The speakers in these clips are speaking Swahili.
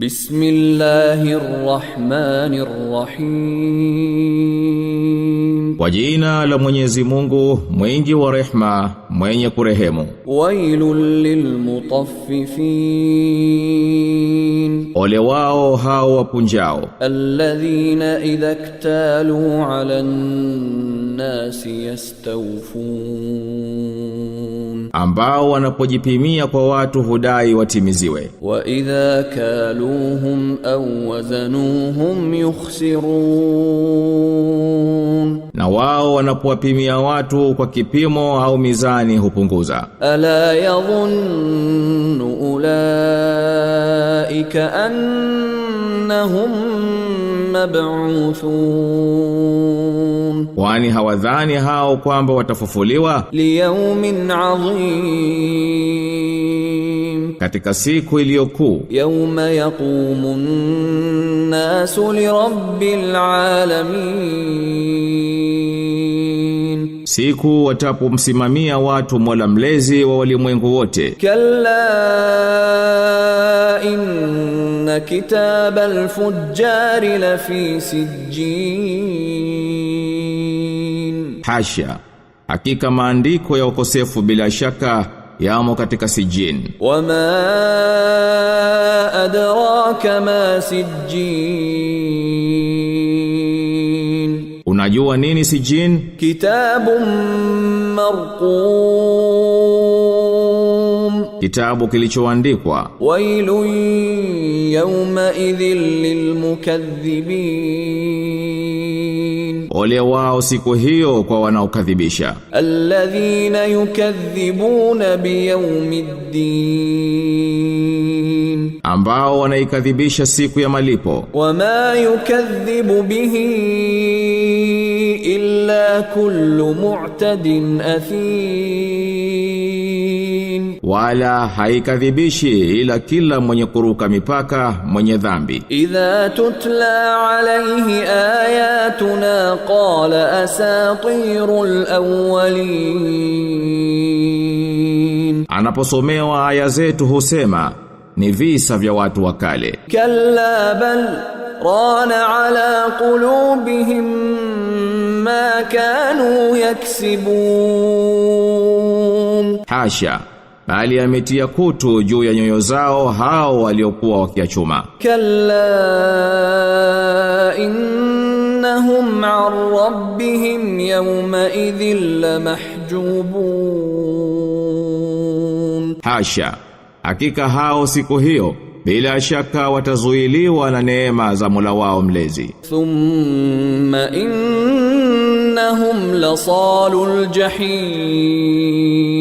بسم الله الرحمن الرحيم وجينا لمنزي مونغو مينجي ورحمة مينجي كرهيم ويل للمطففين ولواو هاو بنجاو الذين إذا اكتالوا على الناس يستوفون ambao wanapojipimia kwa watu hudai watimiziwe. Wa idha kaluhum au wazanuhum yukhsirun, na wao wanapowapimia watu kwa kipimo au mizani hupunguza. Ala yadhunnu ulaika annahum mab'uthun kwani hawadhani hao kwamba watafufuliwa Liyaumin adhim Katika siku iliyokuu Yauma yakumu nasu lirabbil alamin Siku watapomsimamia watu mola mlezi wa walimwengu wote Kalla inna kitab alfujari lafi sijjin Hasha Hakika maandiko ya ukosefu bila shaka yamo katika sijin Wama adraka ma sijin Unajua nini sijin? Kitabun marqum kitabu kilichoandikwa. Wailu yawma idhil lilmukaththibin, ole wao siku hiyo kwa wanaokadhibisha. Alladhina yukaththibuna biyawmiddin, ambao wanaikadhibisha siku ya malipo. Wama yukaththibu bihi illa kullu mu'tadin athim wala haikadhibishi ila kila mwenye kuruka mipaka mwenye dhambi idha tutla alayhi ayatuna qala asatirul awwalin anaposomewa aya zetu husema ni visa vya watu wa kale kalla bal rana ala qulubihim ma kanu yaksibun hasha bali ametia kutu juu ya nyoyo zao hao waliokuwa wakiachuma. Kalla innahum an rabbihim yawma idhin lamahjubun, hasha, hakika hao siku hiyo bila shaka watazuiliwa na neema za Mola wao mlezi. Thumma innahum lasalul jahim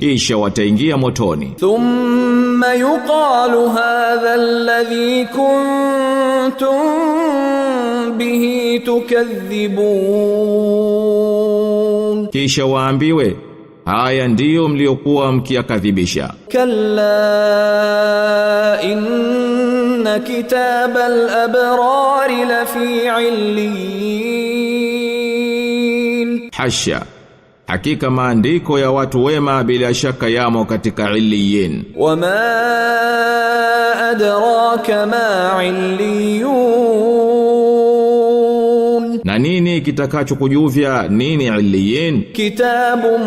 kisha wataingia motoni thumma yuqalu hadha alladhi kuntum bihi tukadhibun kisha waambiwe haya ndiyo mliokuwa mkiakadhibisha kalla inna kitabal abrari lafi illiyin hasha Hakika maandiko ya watu wema bila shaka yamo katika illiyin. Wama adraka ma illiyun, na nini kitakachokujuvia nini illiyin? Kitabun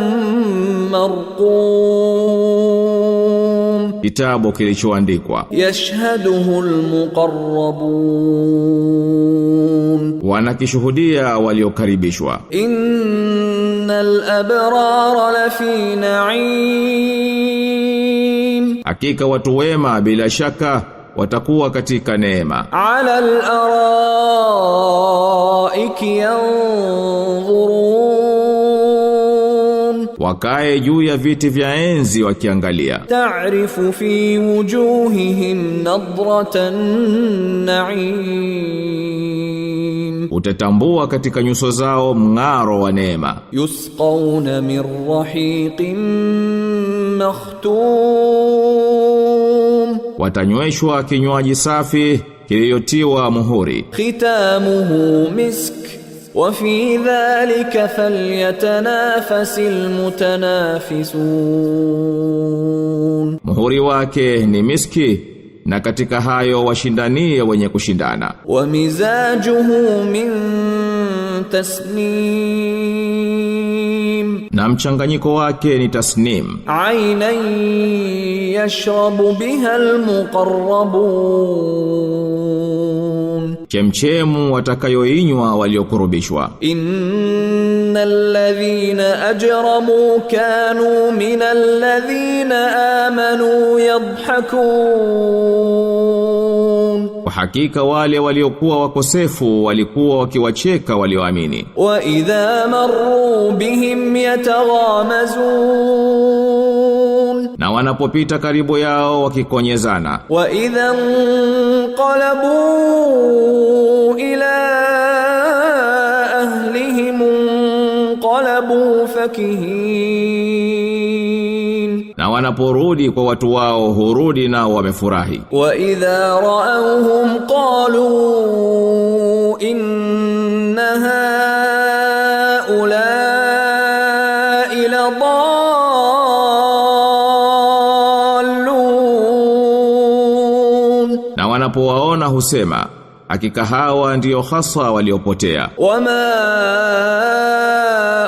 marqum, kitabu kilichoandikwa. Yashhaduhu almuqarrabun wanakishuhudia waliokaribishwa innal abrara lafi na'im hakika watu wema bila shaka watakuwa katika neema ala al-araiki wakae juu ya viti vya enzi wakiangalia ta'rifu fi wujuhihim nadratan na'im utatambua katika nyuso zao mng'aro wa neema. Yusqauna min rahiqin makhtum, watanyweshwa kinywaji safi kiliyotiwa muhuri. Khitamuhu misk wa fi dhalika falyatanafasil mutanafisun, muhuri wake ni miski na katika hayo washindanie wenye kushindana wa mizajuhu min tasnim mchanganyiko wake ni tasnim. Aina yashrabu biha almuqarrabun, chemchemu watakayoinywa waliokurubishwa. Innal ladhina ajramu kanu min alladhina amanu yadhhakun kwa hakika wale waliokuwa wakosefu walikuwa wakiwacheka walioamini. Wa idha marru bihim yataghamazun, na wanapopita karibu yao wakikonyezana. Wa idha qalabu ila ahlihim qalabu fakihin na wanaporudi kwa watu wao hurudi nao wamefurahi. wa idha raawhum qalu inna haula ila dallun, na wanapowaona husema hakika hawa ndiyo hasa waliopotea wama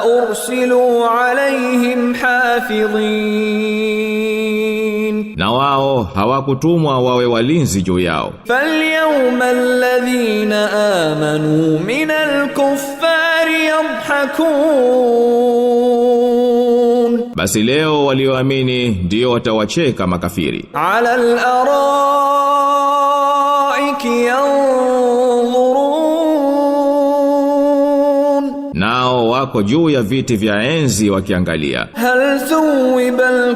ursilu alaihim hafidhin na wao hawakutumwa wawe walinzi juu yao fal yawma alladhina amanu min alkuffari yadhhakun basi leo walioamini ndio watawacheka makafiri ala al-araiki yanzurun wako juu ya viti vya enzi wakiangalia. Hal thuwiba al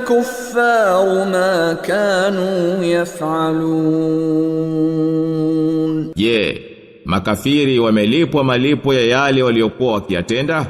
ma kanu yaf'alun. Je, yeah, makafiri wamelipwa malipo ya yale waliokuwa wakiyatenda?